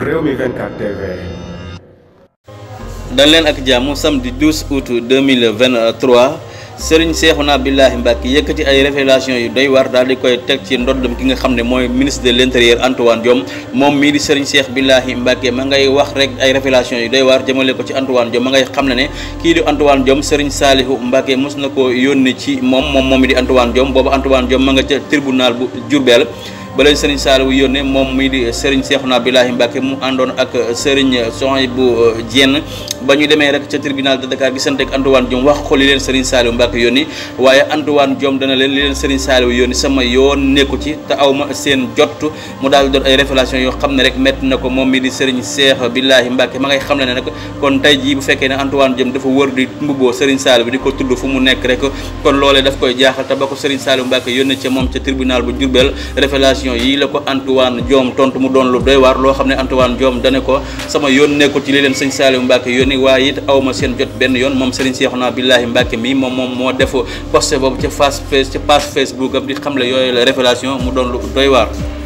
Rewmi 24 TV. dañ leen ak jàmm samedi 12 août 2023 na Cheikhouna Billahi Mbacké yëkkati ay révélation yu day waar daal di koy teg ci ndoddam ki nga xam ne mooy ministre de l'intérieur Antoine Diome moom mii di Serigne Cheikh Billahi Mbacké ma ngay wax rek ay révélation yu day waar jëmale ko ci Antoine Diome ma ngay xam ne ne kii di Antoine Diome Serigne Saliou Mbacké mos na ko yónni ci moom moom moom mi di Antoine Diome boobu Antoine Diome ma nga ca tribunal bu Diourbel ba leen Serigne Saliou yónnee moom muy di Serigne Cheikhouna Bilahi Mbacké mu àndoon ak Serigne bu jenn ba ñu demee rek ca tribunal de Dakar gisante ak Antoine Diome wax ko li leen Serigne Saliou Mbacké yónni waaye Antoine Diome dana leen li leen Serigne Saliou sama yoon nekku ci te aw ma seen jot mu daal doon ay révélation yoo xam ne rek métti na ko moom mi di Serigne Cheikh Bilahi Mbacké ma ngay xam ne nag kon tey jii bu fekkee ne Antoine Diome dafa wër di mbubboo Serigne Saliou bi di ko tudd fu mu nekk rek kon loolee daf koy jaaxal te ba ko Serigne Saliou Mbacké yónni ca moom ca tribunal bu Diourbel révélation information yi la ko Antoine Diome tontu mu doon lu doy waar loo xam ne Antoine Diome dane ko sama yoon nekkul ci li leen sëñ Saliou Mbacke yónni waaye it awma seen jot benn yoon moom Serigne Cheikhouna Billahi Mbacke mi moom moom moo def poste boobu ca face face ca page Facebook am di xamle yooyu la révélation mu doon lu doy waar